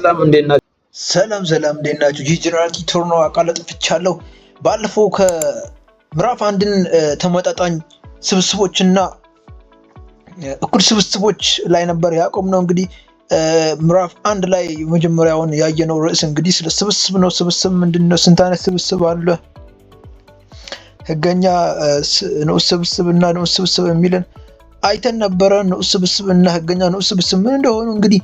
ሰላም እንዴት ናችሁ? ሰላም ሰላም እንዴት ናችሁ? ይህ ቲቶር ነው። አቃለ ጥፍቻለሁ። ባለፈው ከምዕራፍ አንድን ተመጣጣኝ ስብስቦችና እኩል ስብስቦች ላይ ነበር ያቆም ነው እንግዲህ ምዕራፍ አንድ ላይ መጀመሪያውን ያየነው ርዕስ እንግዲህ ስለ ስብስብ ነው። ስብስብ ምንድን ነው? ስንት አይነት ስብስብ አለ? ህገኛ ንዑስ ስብስብ እና ንዑስ ስብስብ የሚልን አይተን ነበረ። ንዑስ ስብስብ እና ህገኛ ንዑስ ስብስብ ምን እንደሆኑ እንግዲህ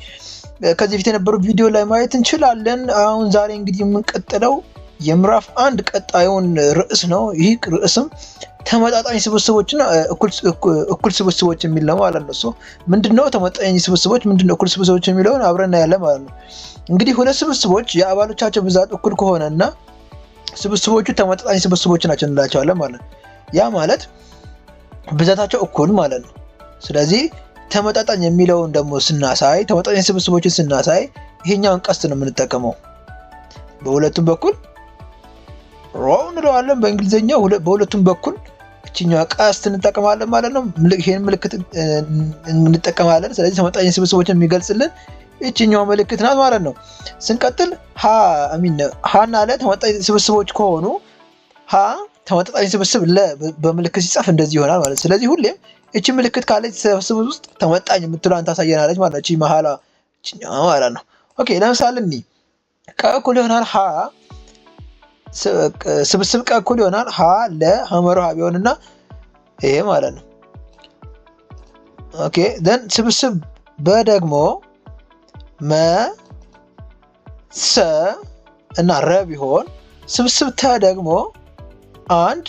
ከዚህ በፊት የነበሩ ቪዲዮ ላይ ማየት እንችላለን። አሁን ዛሬ እንግዲህ የምንቀጥለው የምዕራፍ አንድ ቀጣዩን ርዕስ ነው። ይህ ርዕስም ተመጣጣኝ ስብስቦችና እኩል ስብስቦች የሚል ነው ማለት ነው። እሱ ምንድነው ተመጣጣኝ ስብስቦች ምንድነው እኩል ስብስቦች የሚለውን አብረን እናያለን ማለት ነው። እንግዲህ ሁለት ስብስቦች የአባሎቻቸው ብዛት እኩል ከሆነ እና ስብስቦቹ ተመጣጣኝ ስብስቦች ናቸው እንላቸዋለን ማለት ነው። ያ ማለት ብዛታቸው እኩል ማለት ነው። ስለዚህ ተመጣጣኝ የሚለውን ደግሞ ስናሳይ ተመጣጣኝ ስብስቦችን ስናሳይ ይሄኛውን ቀስት ነው የምንጠቀመው። በሁለቱም በኩል ሮ እንለዋለን በእንግሊዝኛው። በሁለቱም በኩል እችኛዋ ቀስት እንጠቀማለን ማለት ነው። ይህን ምልክት እንጠቀማለን። ስለዚህ ተመጣጣኝ ስብስቦችን የሚገልጽልን ይችኛው ምልክት ናት ማለት ነው። ስንቀጥል ሀ እና ለ ተመጣጣኝ ስብስቦች ከሆኑ ሀ ተመጣጣኝ ስብስብ ለ በምልክት ሲጻፍ እንደዚህ ይሆናል ማለት። ስለዚህ ሁሌም እቺ ምልክት ካለች ስብስብ ውስጥ ተመጣጣኝ የምትለዋን ታሳየናለች ማለት ነው። እቺ መሀላ ማለት ነው። ኦኬ ለምሳሌ እኒ ቀ እኩል ይሆናል ሀ ስብስብ ቀ እኩል ይሆናል ሀ ለ ሀመሮ ሀ ቢሆንና ይሄ ማለት ነው። ኦኬ ዘን ስብስብ በ ደግሞ መ ሰ እና ረ ቢሆን ስብስብ ተ ደግሞ አንድ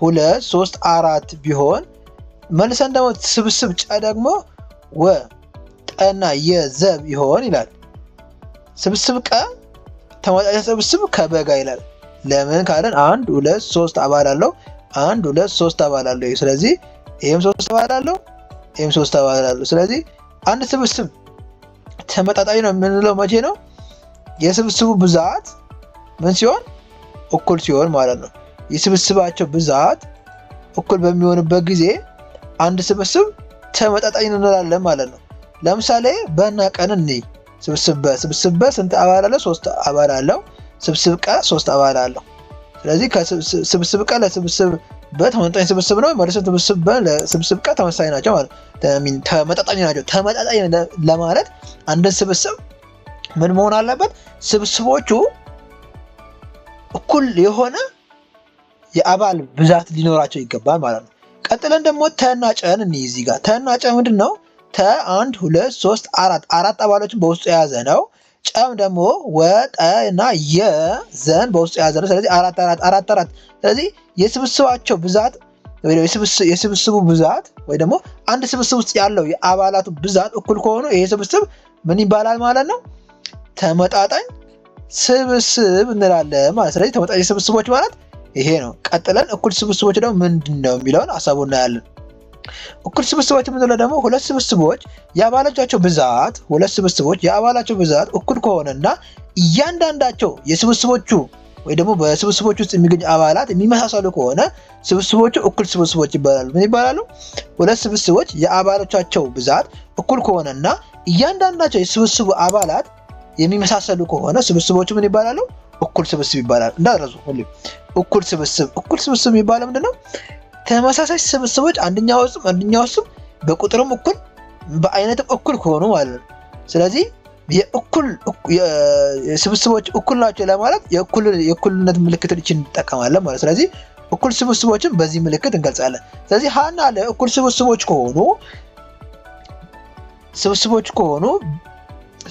ሁለት ሶስት አራት ቢሆን መልሰን ደግሞ ስብስብ ጨ ደግሞ ወ ጠና የዘብ ይሆን ይላል። ስብስብ ቀ ተመጣጣኝ ስብስብ ከበጋ ይላል። ለምን ካለን አንድ ሁለት ሶስት አባል አለው። አንድ ሁለት ሶስት አባል አለው። ስለዚህ ይህም ሶስት አባል አለው፣ ይህም ሶስት አባል አለው። ስለዚህ አንድ ስብስብ ተመጣጣኝ ነው የምንለው መቼ ነው? የስብስቡ ብዛት ምን ሲሆን እኩል ሲሆን ማለት ነው። የስብስባቸው ብዛት እኩል በሚሆንበት ጊዜ አንድ ስብስብ ተመጣጣኝ እንላለን ማለት ነው። ለምሳሌ በና ቀን እኔ ስብስብ በ ስብስብ በ ስንት አባል አለ? ሶስት አባል አለው። ስብስብ ቀ ሶስት አባል አለው። ስለዚህ ከስብስብ ቀ ለስብስብ በ ተመጣጣኝ ስብስብ ነው። መልስ ስብስብ በ ለስብስብ ቀ ተመሳሳይ ናቸው ማለት ተመጣጣኝ ናቸው። ተመጣጣኝ ለማለት አንድን ስብስብ ምን መሆን አለበት? ስብስቦቹ እኩል የሆነ የአባል ብዛት ሊኖራቸው ይገባል ማለት ነው። ቀጥለን ደግሞ ተና ጨን እንይዝ። እዚህ ጋር ተና ጨ ምንድን ነው? ተ አንድ ሁለት ሶስት አራት አራት አባሎችን በውስጡ የያዘ ነው። ጨም ደግሞ ወጠ ወጠና የዘን በውስጡ የያዘ ነው። ስለዚህ አራት አራት አራት አራት ስለዚህ የስብስባቸው ብዛት የስብስቡ ብዛት ወይ ደግሞ አንድ ስብስብ ውስጥ ያለው የአባላቱ ብዛት እኩል ከሆኑ ይሄ ስብስብ ምን ይባላል ማለት ነው? ተመጣጣኝ ስብስብ እንላለን ማለት። ስለዚህ ተመጣጣኝ ስብስቦች ማለት ይሄ ነው። ቀጥለን እኩል ስብስቦች ደግሞ ምንድን ነው የሚለውን አሳቡ እናያለን። እኩል ስብስቦች የምንለው ደግሞ ሁለት ስብስቦች የአባላቸው ብዛት ሁለት ስብስቦች የአባላቸው ብዛት እኩል ከሆነና እያንዳንዳቸው የስብስቦቹ ወይ ደግሞ በስብስቦች ውስጥ የሚገኙ አባላት የሚመሳሰሉ ከሆነ ስብስቦቹ እኩል ስብስቦች ይባላሉ። ምን ይባላሉ? ሁለት ስብስቦች የአባሎቻቸው ብዛት እኩል ከሆነና እያንዳንዳቸው የስብስቡ አባላት የሚመሳሰሉ ከሆነ ስብስቦቹ ምን ይባላሉ? እኩል ስብስብ ይባላል። እንዳረዙ ሁሌም እኩል ስብስብ። እኩል ስብስብ የሚባለው ምንድነው? ተመሳሳይ ስብስቦች አንደኛው ስም አንደኛው ስም በቁጥርም እኩል በአይነትም እኩል ከሆኑ ማለት ነው። ስለዚህ የእኩል ስብስቦች እኩል ናቸው ለማለት የእኩልነት ምልክትን ይችን እንጠቀማለን ማለት ስለዚህ እኩል ስብስቦችን በዚህ ምልክት እንገልጻለን። ስለዚህ ሀና ለእኩል ስብስቦች ከሆኑ ስብስቦች ከሆኑ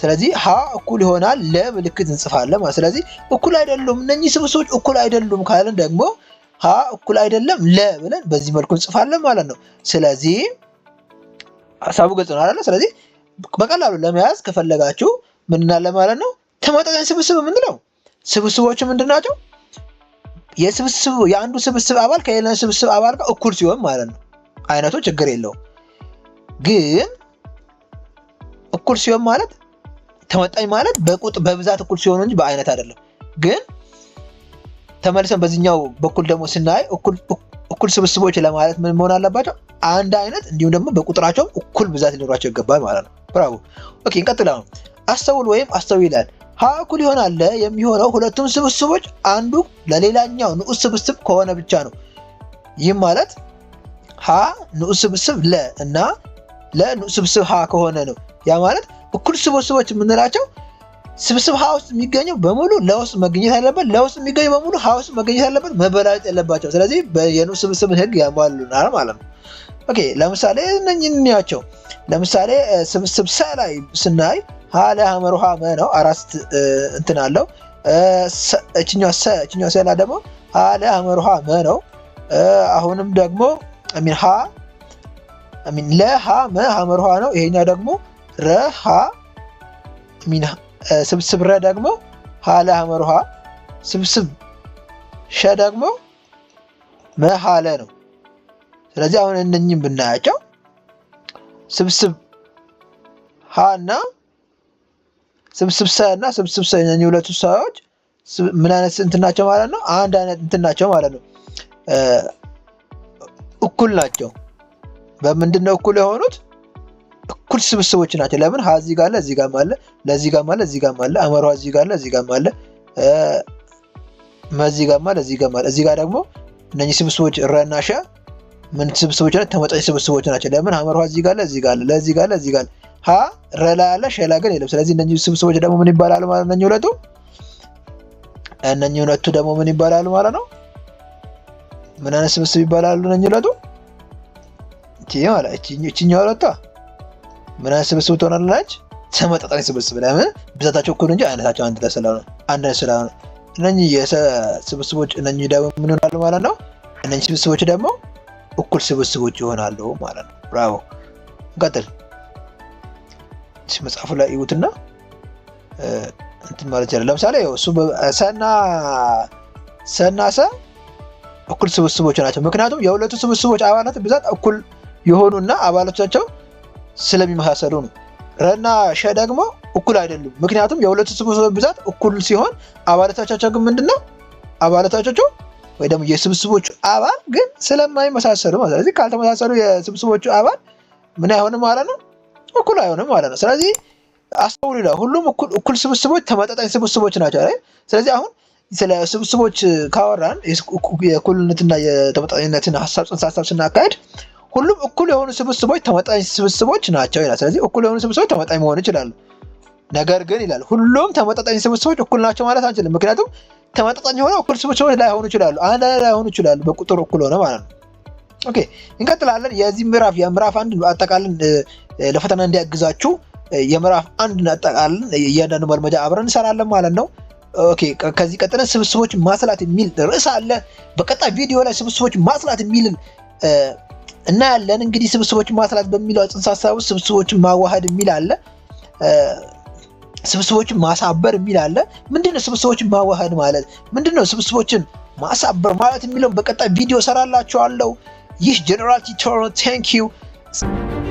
ስለዚህ ሀ እኩል ይሆናል ለምልክት እንጽፋለን ማለት ስለዚህ እኩል አይደሉም እነኚህ ስብስቦች እኩል አይደሉም ካለን ደግሞ ሀ እኩል አይደለም ለ ብለን በዚህ መልኩ እንጽፋለን ማለት ነው። ስለዚህ ሀሳቡ ገጽ ነው አለ ስለዚህ በቀላሉ ለመያዝ ከፈለጋችሁ ምንናለ ማለት ነው ተመጣጣኝ ስብስብ የምንለው ስብስቦቹ ምንድን ናቸው? የስብስቡ የአንዱ ስብስብ አባል ከሌላ ስብስብ አባል ጋር እኩል ሲሆን ማለት ነው። አይነቱ ችግር የለውም ግን እኩል ሲሆን ማለት ተመጣኝ ማለት በቁጥ በብዛት እኩል ሲሆኑ እንጂ በአይነት አይደለም። ግን ተመልሰን በዚህኛው በኩል ደግሞ ስናይ እኩል ስብስቦች ለማለት ምን መሆን አለባቸው? አንድ አይነት እንዲሁም ደግሞ በቁጥራቸውም እኩል ብዛት ሊኖራቸው ይገባል ማለት ነው። ብራቮ። ኦኬ እንቀጥል። አስተውል ወይም አስተው ይላል። ሀ እኩል ይሆናል የሚሆነው ሁለቱም ስብስቦች አንዱ ለሌላኛው ንዑስ ስብስብ ከሆነ ብቻ ነው። ይህም ማለት ሀ ንዑስ ስብስብ ለ እና ለ ስብስብ ሀ ከሆነ ነው። ያ ማለት እኩል ስብስቦች የምንላቸው ስብስብ ሀውስ የሚገኘው በሙሉ ለውስ መገኘት አለበት። ለውስ የሚገኘው በሙሉ ሀውስ መገኘት አለበት። መበላለጥ የለባቸው። ስለዚህ የኑ ስብስብን ህግ ያሟሉናል ማለት ነው። ኦኬ ለምሳሌ እነኝንያቸው ለምሳሌ ስብስብ ሰ ላይ ስናይ ሀለ ለሀመር ውሃ መ ነው አራት እንትን አለው። እችኛው ሰ እችኛው ሰላ ደግሞ ሀለ ለሀመር ውሃ መ ነው። አሁንም ደግሞ ሚን ሀ ሚን ለሀ መ ሀመር ውሃ ነው። ይሄኛው ደግሞ ረ ሀ ሚን ስብስብ ረ ደግሞ ሀ ለሀመር ውሃ ስብስብ ሸ ደግሞ መሀለ ነው። ስለዚህ አሁን እነኝም ብናያቸው ስብስብ ሀ እና ስብስብ ሰ እና ስብስብ ሰ እነኝህ ሁለቱ ሰዎች ምን አይነት እንትን ናቸው ማለት ነው? አንድ አይነት እንትን ናቸው ማለት ነው። እኩል ናቸው። በምንድን ነው እኩል የሆኑት? እኩል ስብስቦች ናቸው። ለምን ሀዚህ ጋር አለ፣ እዚህ ጋር አለ፣ ለዚህ ጋር አለ፣ እዚህ ጋር አለ፣ አመሯ እዚህ ጋር አለ፣ እዚህ ጋር አለ፣ መዚህ ጋር አለ፣ እዚህ ጋር አለ። እዚህ ጋር ደግሞ እነዚህ ስብስቦች ረና ሸ ምን ስብስቦች ናቸው? ተመጣጣኝ ስብስቦች ናቸው። ለምን አመሯ እዚህ ጋር አለ፣ እዚህ ጋር አለ፣ ለዚህ ጋር አለ፣ እዚህ ጋር አለ። ሀ ረላ ያለ ሸላ ግን የለም። ስለዚህ እነዚህ ስብስቦች ደግሞ ምን ይባላል ማለት ነው? ሁለቱ እነኚህ ሁለቱ ደግሞ ምን ይባላሉ ማለት ነው? ምን አይነት ስብስብ ይባላሉ? እነኚህ ሁለቱ እቺኛው ሁለቷ ምን አይነት ስብስብ ትሆናለች? ተመጣጣኝ ስብስብ። ለምን ብዛታቸው እኩል እንጂ አይነታቸው አንድ ላይ ስላሉ አንድ ላይ ስላሉ እነኚህ ስብስቦች እነኚህ ደግሞ ምን ይሆናሉ ማለት ነው? እነኚህ ስብስቦች ደግሞ እኩል ስብስቦች ይሆናሉ ማለት ነው። ብራቮ። እንቀጥል። መጽሐፉ ላይ ይዩትና እንትን ማለት ይችላል። ለምሳሌ እሱ ሰና ሰና ሰ እኩል ስብስቦች ናቸው። ምክንያቱም የሁለቱ ስብስቦች አባላት ብዛት እኩል የሆኑና አባላቶቻቸው ስለሚመሳሰሉ ነው። ረና ሸ ደግሞ እኩል አይደሉም። ምክንያቱም የሁለቱ ስብስቦች ብዛት እኩል ሲሆን አባላቶቻቸው ግን ምንድነው አባላቶቻቸው ወይ ደግሞ የስብስቦቹ አባል ግን ስለማይመሳሰሉ ማለት ስለዚህ ካልተመሳሰሉ የስብስቦቹ አባል ምን አይሆንም ማለት ነው እኩል አይሆንም ማለት ነው። ስለዚህ አስተውሉ ይላል። ሁሉም እኩል ስብስቦች ተመጣጣኝ ስብስቦች ናቸው። ስለዚህ አሁን ስለ ስብስቦች ካወራን የእኩልነትና የተመጣጣኝነትን ሀሳብ ጽንሰ ሀሳብ ስናካሄድ ሁሉም እኩል የሆኑ ስብስቦች ተመጣኝ ስብስቦች ናቸው ይላል። ስለዚህ እኩል የሆኑ ስብስቦች ተመጣኝ መሆን ይችላሉ። ነገር ግን ይላል ሁሉም ተመጣጣኝ ስብስቦች እኩል ናቸው ማለት አንችልም። ምክንያቱም ተመጣጣኝ የሆነ እኩል ስብስቦች ላይሆኑ ይችላሉ፣ አንድ ላይ ላይሆኑ ይችላሉ። በቁጥር እኩል ሆነ ማለት ነው። ኦኬ እንቀጥላለን። የዚህ ምዕራፍ የምዕራፍ አንድ አጠቃልን ለፈተና እንዲያግዛችሁ የምዕራፍ አንድ አጠቃልን እያንዳንዱ መልመጃ አብረን እንሰራለን ማለት ነው። ከዚህ ቀጥለን ስብስቦች ማስላት የሚል ርዕስ አለ። በቀጣይ ቪዲዮ ላይ ስብስቦች ማስላት የሚልን እና ያለን እንግዲህ ስብስቦችን ማስላት በሚለው ጽንሰ ሀሳብ ውስጥ ስብስቦችን ማዋሃድ የሚል አለ፣ ስብስቦችን ማሳበር የሚል አለ። ምንድነው ስብስቦችን ማዋሃድ ማለት? ምንድነው ስብስቦችን ማሳበር ማለት የሚለውን በቀጣይ ቪዲዮ ሰራላችኋለሁ። ይህ ጀነራል ቲቶሮ ነው።